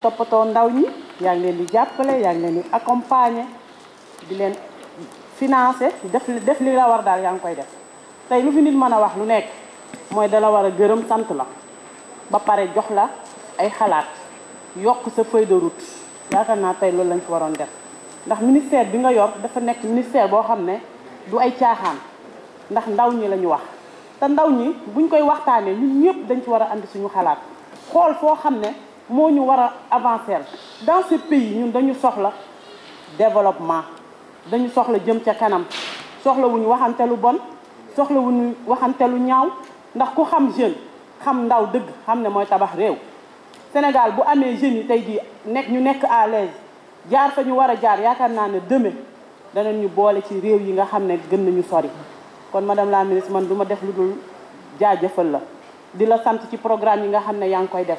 topoto ndaw ñi ya ngi leen di jappalé ya ngi leen di accompagner di leen financer def def li la war dal ya ngi koy def tay lu fi nit mëna wax lu nekk moy da war wara gëreum sant la ba pare jox la ay xalaat yok sa feuille de route yaakaar na tay loolu lañ ko waron def ndax ministère bi nga yor dafa nekk ministère bo xamné du ay tiaxaan ndax ndaw ñi la wax ta ndaw ñi buñ koy waxtane ñun ñëpp dañ ci wara and suñu xalaat xol fo xamne moo ñu war a avancer dans ce pays ñun dañu soxla développement dañu soxla jëm ca kanam soxla wuñu waxante lu bon soxla wuñu waxante lu ñaaw ndax ku xam jeune xam ndaw dëgg xam ne mooy tabax réew Sénégal bu amee jeunes yi tey jii nekk ñu nekk à l'aise jaar fa ñu war a jaar yaakaar naa ne demain danañ ñu boole ci réew yi nga xam ne gën nañu sori kon madame la ministre man du ma def lu dul jaajëfal la di la sant ci programme yi nga xam ne yaa ngi koy def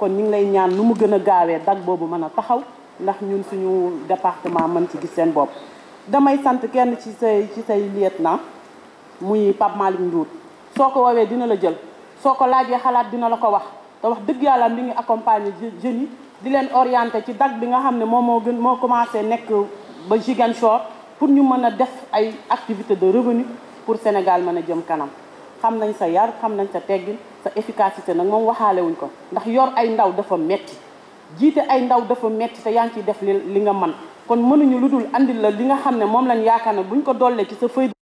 kon ñu ngi lay ñaan lu mu gën a gaawee dag boobu mën a taxaw ndax ñun suñu département mën si gis seen bopp damay sant kenn ci say ci say lieutenant muy Pape Malick Ndour soo ko woowee dina la jël soo ko laajee xalaat dina la ko wax te wax dëgg yàlla mi ngi accompagner jeunes yi di leen orienté ci dag bi nga xam ne moom moo gën moo commencé nekk ba Ziguinchor pour ñu mën a def ay activité de revenu pour Sénégal mën a jëm kanam xam nañ sa yar xam nañ sa teggin sa efficacité nag moom waxaale wuñ ko ndax yor ay ndaw dafa metti jiite ay ndaw dafa metti sa yaa ngi ciy def li li nga man kon mënuñu lu dul indi la li nga xam ne moom lañ yaakaar ne buñ ko dollee ci sa feuille